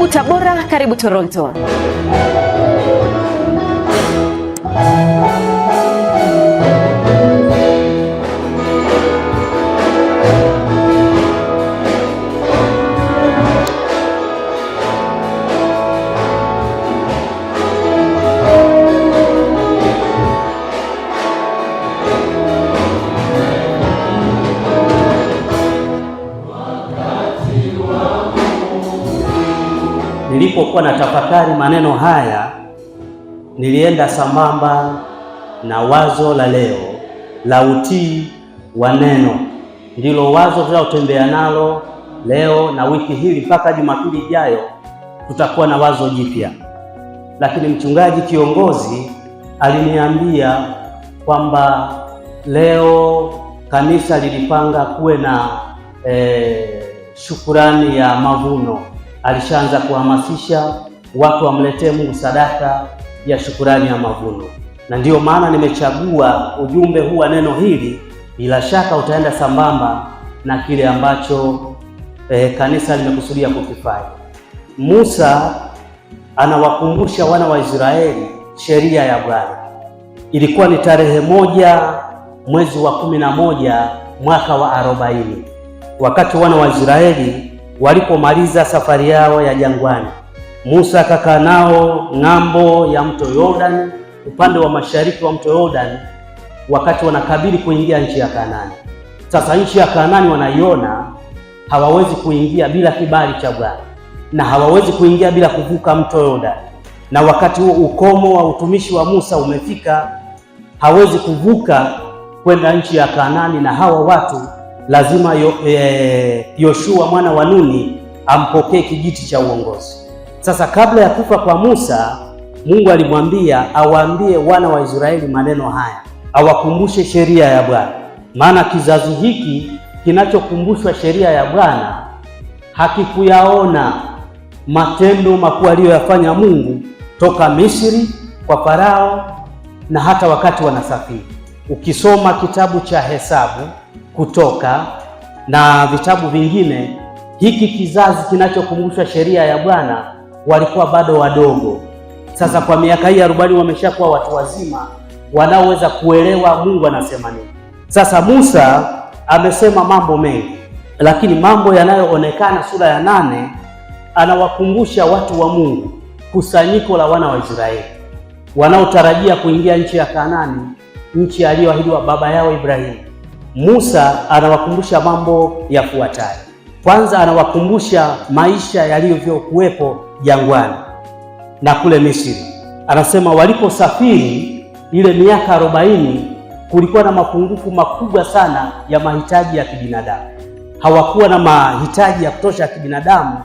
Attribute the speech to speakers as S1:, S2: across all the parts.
S1: Karibu Tabora, karibu Toronto.
S2: nilipokuwa na tafakari maneno haya, nilienda sambamba na wazo la leo la utii wa neno. Ndilo wazo tunalotembea nalo leo na wiki hii mpaka Jumapili ijayo tutakuwa na wazo jipya. Lakini mchungaji kiongozi aliniambia kwamba leo kanisa lilipanga kuwe na eh, shukurani ya mavuno alishaanza kuhamasisha watu wamletee Mungu sadaka ya shukurani ya mavuno, na ndiyo maana nimechagua ujumbe huu wa neno hili. Bila shaka utaenda sambamba na kile ambacho eh, kanisa limekusudia kukifanya. Musa anawakumbusha wana wa Israeli sheria ya Bwana. Ilikuwa ni tarehe moja mwezi wa kumi na moja mwaka wa arobaini wakati wana wa Israeli Walipomaliza safari yao ya jangwani, Musa akakaa nao ng'ambo ya mto Yordani, upande wa mashariki wa mto Yordani, wakati wanakabili kuingia nchi ya Kanaani. Sasa nchi ya Kanaani wanaiona, hawawezi kuingia bila kibali cha Bwana na hawawezi kuingia bila kuvuka mto Yordani. Na wakati huo ukomo wa utumishi wa Musa umefika, hawezi kuvuka kwenda nchi ya Kanaani na hawa watu lazima eh, Yoshua e, mwana wa Nuni ampokee kijiti cha uongozi. Sasa kabla ya kufa kwa Musa, Mungu alimwambia awaambie wana wa Israeli maneno haya, awakumbushe sheria ya Bwana, maana kizazi hiki kinachokumbushwa sheria ya Bwana hakikuyaona matendo makuu aliyoyafanya Mungu toka Misri kwa Farao na hata wakati wanasafiri. Ukisoma kitabu cha Hesabu kutoka na vitabu vingine. Hiki kizazi kinachokumbushwa sheria ya Bwana walikuwa bado wadogo. Sasa kwa miaka hii arobaini wameshakuwa watu wazima wanaoweza kuelewa Mungu anasema nini. Sasa Musa amesema mambo mengi, lakini mambo yanayoonekana sura ya nane anawakumbusha watu wa Mungu, kusanyiko la wana wa Israeli wanaotarajia kuingia nchi ya Kanaani, nchi aliyoahidiwa baba yao Ibrahimu. Musa anawakumbusha mambo yafuatayo. Kwanza, anawakumbusha maisha yalivyokuwepo jangwani na kule Misri. Anasema waliposafiri ile miaka arobaini kulikuwa na mapungufu makubwa sana ya mahitaji ya kibinadamu. Hawakuwa na mahitaji ya kutosha ya kibinadamu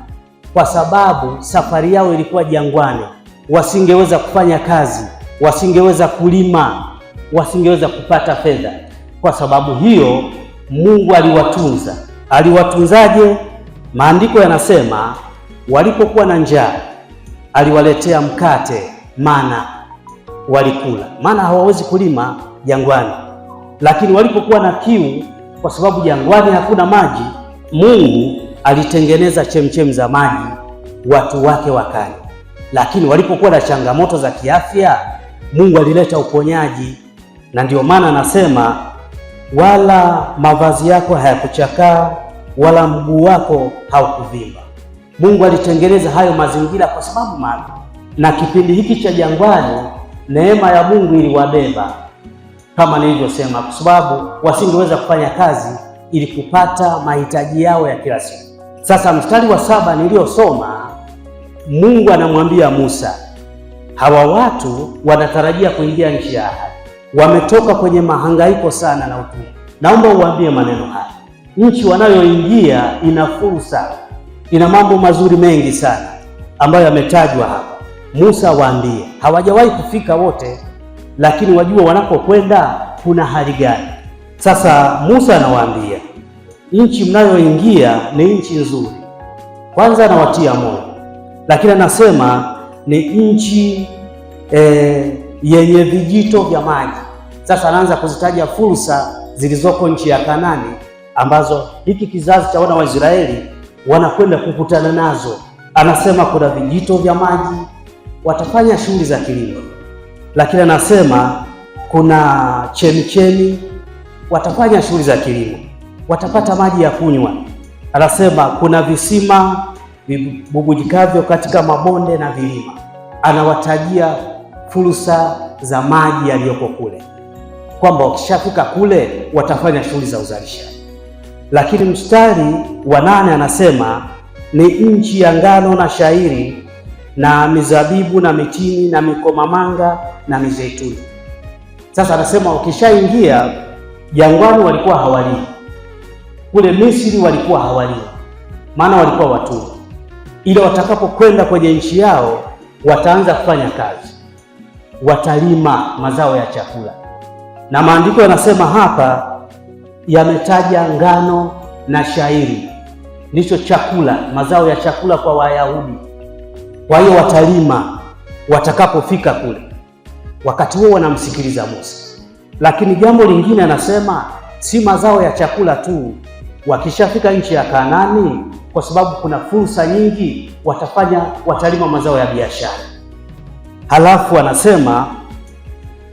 S2: kwa sababu safari yao ilikuwa jangwani. Wasingeweza kufanya kazi, wasingeweza kulima, wasingeweza kupata fedha. Kwa sababu hiyo Mungu aliwatunza. Aliwatunzaje? Maandiko yanasema walipokuwa na njaa aliwaletea mkate, mana walikula, maana hawawezi kulima jangwani. Lakini walipokuwa na kiu, kwa sababu jangwani hakuna maji, Mungu alitengeneza chemchemi za maji watu wake wakanywa. Lakini walipokuwa na changamoto za kiafya, Mungu alileta uponyaji, na ndio maana anasema wala mavazi yako hayakuchakaa wala mguu wako haukuvimba. Mungu alitengeneza hayo mazingira kwa sababu maalum, na kipindi hiki cha jangwani neema ya Mungu iliwabeba kama nilivyosema, kwa sababu wasingeweza kufanya kazi ili kupata mahitaji yao ya kila siku. Sasa mstari wa saba niliyosoma, Mungu anamwambia Musa, hawa watu wanatarajia kuingia nchi ya ahadi wametoka kwenye mahangaiko sana na utumwa. Naomba uwaambie maneno haya, nchi wanayoingia ina fursa, ina mambo mazuri mengi sana ambayo yametajwa hapa. Musa waambie, hawajawahi kufika wote, lakini wajua wanapokwenda kuna hali gani. Sasa Musa anawaambia nchi mnayoingia ni nchi nzuri. Kwanza anawatia moyo, lakini anasema ni nchi e, yenye vijito vya maji sasa anaanza kuzitaja fursa zilizoko nchi ya Kanani ambazo hiki kizazi cha wana wa Israeli wanakwenda kukutana nazo. Anasema kuna vijito vya maji, watafanya shughuli za kilimo, lakini anasema kuna chemichemi, watafanya shughuli za kilimo, watapata maji ya kunywa. Anasema kuna visima vibubujikavyo katika mabonde na vilima. Anawatajia fursa za maji yaliyoko kule kwamba wakishafika kule watafanya shughuli za uzalishaji. Lakini mstari wa nane anasema ni nchi ya ngano na shairi na mizabibu na mitini na mikomamanga na mizeituni. Sasa anasema wakishaingia jangwani walikuwa hawalii, kule Misri walikuwa hawalii, maana walikuwa watumwa, ila watakapokwenda kwenye nchi yao wataanza kufanya kazi, watalima mazao ya chakula na maandiko yanasema hapa yametaja ngano na shairi, ndicho chakula, mazao ya chakula kwa Wayahudi. Kwa hiyo watalima watakapofika kule, wakati huo wanamsikiliza Musa. Lakini jambo lingine anasema si mazao ya chakula tu, wakishafika nchi ya Kanaani, kwa sababu kuna fursa nyingi, watafanya watalima mazao ya biashara. Halafu anasema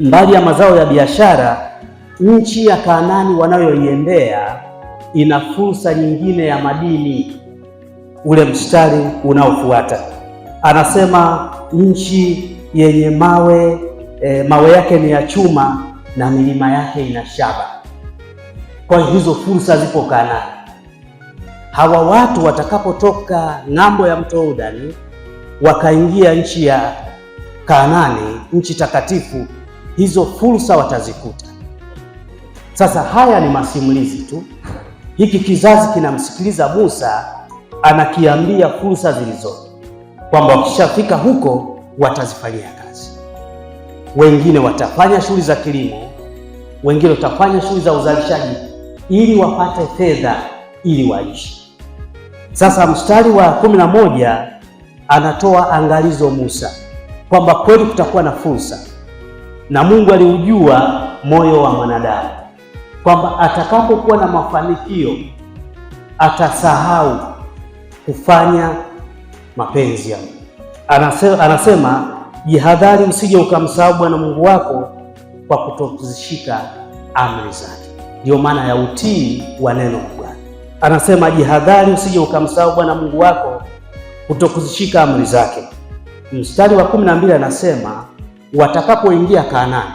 S2: mbali ya mazao ya biashara, nchi ya Kanaani wanayoiendea ina fursa nyingine ya madini. Ule mstari unaofuata anasema nchi yenye mawe e, mawe yake ni ya chuma na milima yake ina shaba. Kwa hiyo hizo fursa zipo Kanaani. Hawa watu watakapotoka ng'ambo ya mto Yordani wakaingia nchi ya Kanaani, nchi takatifu hizo fursa watazikuta. Sasa haya ni masimulizi tu. Hiki kizazi kinamsikiliza Musa anakiambia fursa zilizopo, kwamba wakishafika huko watazifanyia kazi. Wengine watafanya shughuli za kilimo, wengine watafanya shughuli za uzalishaji ili wapate fedha ili waishi. Sasa mstari wa kumi na moja anatoa angalizo Musa kwamba kweli kutakuwa na fursa na Mungu aliujua moyo wa mwanadamu kwamba atakapokuwa na mafanikio atasahau kufanya mapenzi ya Mungu. Anasema, jihadhari usije ukamsahau Bwana Mungu wako kwa kutozishika amri zake. Ndiyo maana ya utii wa neno la Bwana. Anasema, jihadhari usije ukamsahau Bwana Mungu wako kutokuzishika amri zake. Mstari wa kumi na mbili anasema watakapoingia Kanaani.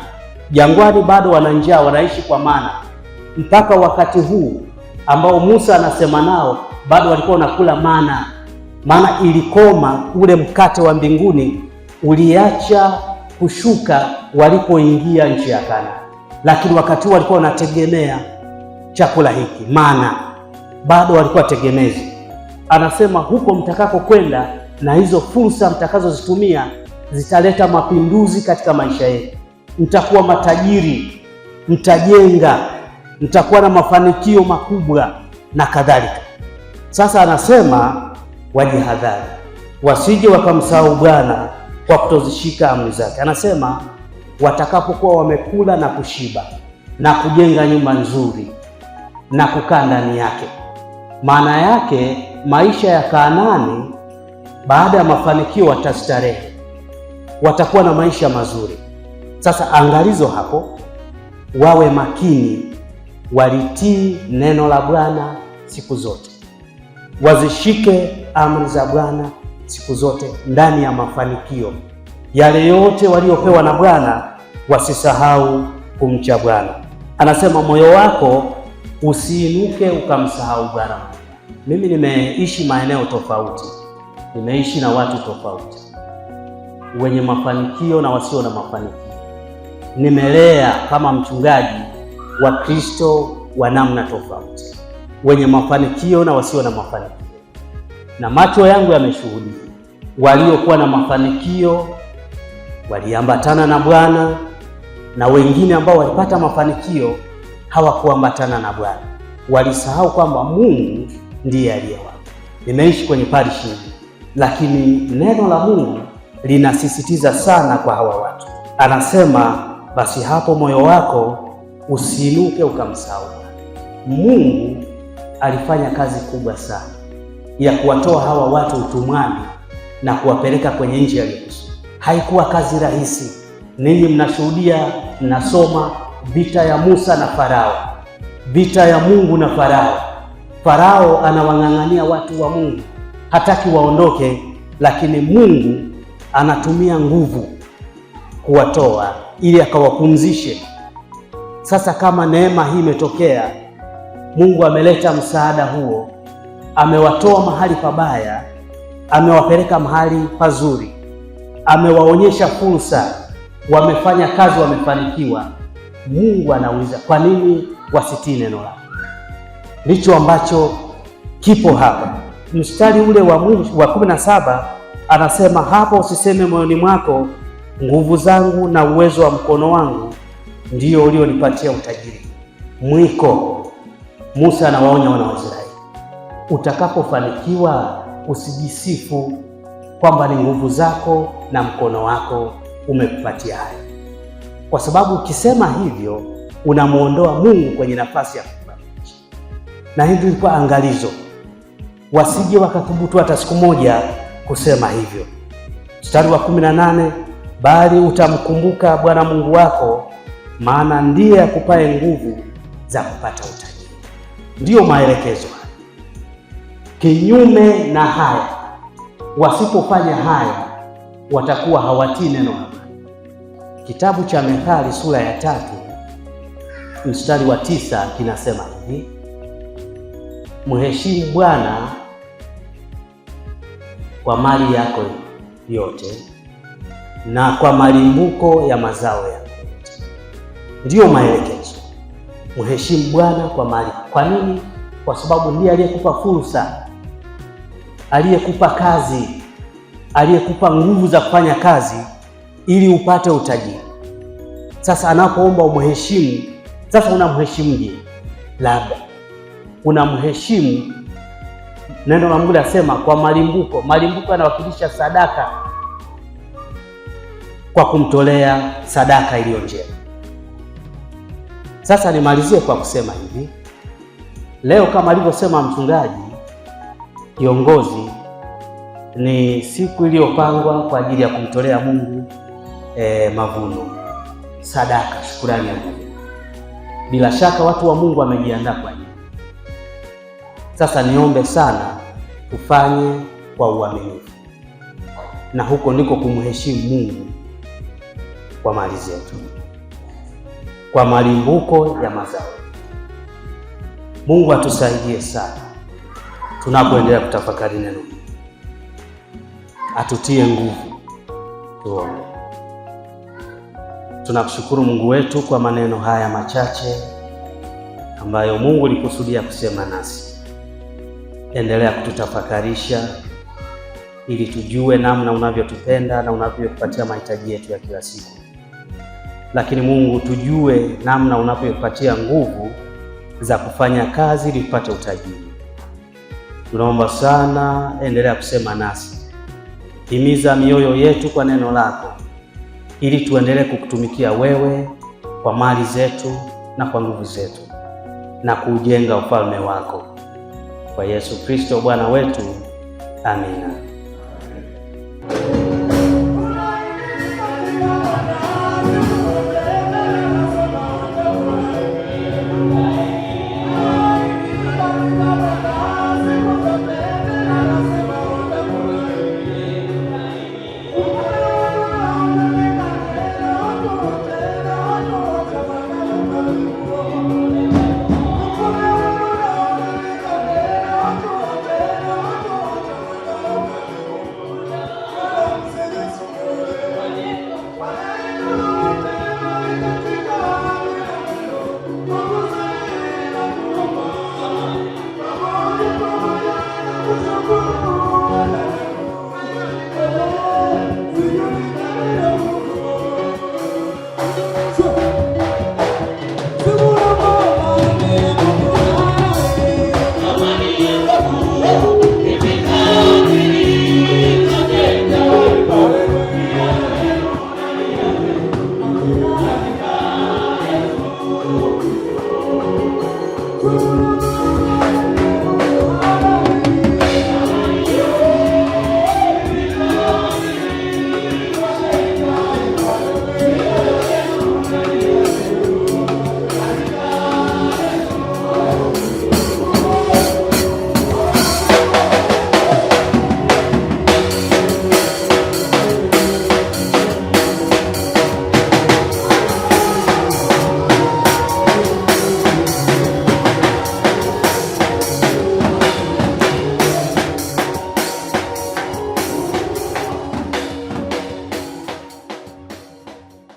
S2: Jangwani bado wana njaa, wanaishi kwa mana. Mpaka wakati huu ambao Musa anasema nao, bado walikuwa wanakula mana. Maana ilikoma, ule mkate wa mbinguni uliacha kushuka walipoingia nchi ya Kanaani, lakini wakati huu walikuwa wanategemea chakula hiki mana, bado walikuwa tegemezi. Anasema huko mtakako kwenda na hizo fursa mtakazozitumia zitaleta mapinduzi katika maisha yetu. Mtakuwa matajiri, mtajenga, mtakuwa na mafanikio makubwa na kadhalika. Sasa anasema wajihadhari, wasije wakamsahau Bwana kwa kutozishika amri zake. Anasema watakapokuwa wamekula na kushiba na kujenga nyumba nzuri na kukaa ndani yake. Maana yake maisha ya Kanaani baada ya mafanikio watastarehe watakuwa na maisha mazuri. Sasa angalizo hapo, wawe makini, walitii neno la Bwana siku zote, wazishike amri za Bwana siku zote, ndani ya mafanikio yale yote waliopewa na Bwana, wasisahau kumcha Bwana. Anasema moyo wako usiinuke ukamsahau Bwana. Mimi nimeishi maeneo tofauti, nimeishi na watu tofauti wenye mafanikio na wasio na mafanikio. Nimelea kama mchungaji wa kristo wa namna tofauti, wenye mafanikio na wasio na mafanikio, na macho yangu yameshuhudia. Waliokuwa na mafanikio waliambatana na Bwana na wengine ambao walipata mafanikio hawakuambatana na Bwana, walisahau kwamba Mungu ndiye aliyewapa. Nimeishi kwenye parish, lakini neno la Mungu linasisitiza sana kwa hawa watu. Anasema basi hapo moyo wako usiinuke ukamsahau. Mungu alifanya kazi kubwa sana ya kuwatoa hawa watu utumwani na kuwapeleka kwenye nchi ya Yesu. Haikuwa kazi rahisi. Ninyi mnashuhudia, mnasoma vita ya Musa na Farao, vita ya Mungu na Farao. Farao anawang'ang'ania watu wa Mungu, hataki waondoke, lakini Mungu anatumia nguvu kuwatoa ili akawapumzishe. Sasa kama neema hii imetokea, Mungu ameleta msaada huo, amewatoa mahali pabaya, amewapeleka mahali pazuri, amewaonyesha fursa, wamefanya kazi, wamefanikiwa. Mungu anauliza kwa nini wasitii neno lako? Ndicho ambacho kipo hapa. Mstari ule wa kumi na saba anasema hapo, usiseme moyoni mwako, nguvu zangu na uwezo wa mkono wangu ndio ulionipatia utajiri. Mwiko Musa anawaonya wana wa Israeli, utakapofanikiwa usijisifu kwamba ni nguvu zako na mkono wako umekupatia haya, kwa sababu ukisema hivyo unamwondoa Mungu kwenye nafasi ya kukubariki. Na hili lilikuwa angalizo, wasije wakathubutu hata siku moja kusema hivyo. Mstari wa 18 bali utamkumbuka Bwana Mungu wako, maana ndiye akupaye nguvu za kupata utajiri. Ndiyo maelekezo haya. Kinyume na haya, wasipofanya haya watakuwa hawatii neno la Mungu. Kitabu cha Methali sura ya tatu mstari wa tisa kinasema hivi: mheshimu Bwana kwa mali yako yote na kwa malimbuko ya mazao yako yote. Ndiyo maelekezo, mheshimu Bwana kwa mali. Kwa nini? Kwa sababu ndiye aliyekupa fursa, aliyekupa kazi, aliyekupa nguvu za kufanya kazi ili upate utajiri. Sasa anapoomba umheshimu, sasa unamheshimuje? Labda unamheshimu Neno la Mungu linasema kwa malimbuko. Malimbuko yanawakilisha sadaka, kwa kumtolea sadaka iliyo njema. Sasa nimalizie kwa kusema hivi, leo kama alivyosema mchungaji kiongozi, ni siku iliyopangwa kwa ajili ya kumtolea Mungu eh, mavuno, sadaka, shukurani ya Mungu. Bila shaka watu wa Mungu wamejiandaa kwa sasa niombe sana tufanye kwa uaminifu, na huko ndiko kumheshimu Mungu kwa mali zetu, kwa malimbuko ya mazao. Mungu atusaidie sana tunapoendelea kutafakari neno, atutie nguvu. Tuombe. Tunakushukuru Mungu wetu kwa maneno haya machache ambayo Mungu alikusudia kusema nasi endelea kututafakarisha ili tujue namna unavyotupenda na unavyotupatia mahitaji yetu ya kila siku. Lakini Mungu, tujue namna unavyotupatia nguvu za kufanya kazi ili tupate utajiri. Tunaomba sana, endelea kusema nasi, himiza mioyo yetu kwa neno lako, ili tuendelee kukutumikia wewe kwa mali zetu na kwa nguvu zetu na kuujenga ufalme wako kwa Yesu Kristo Bwana wetu. Amina.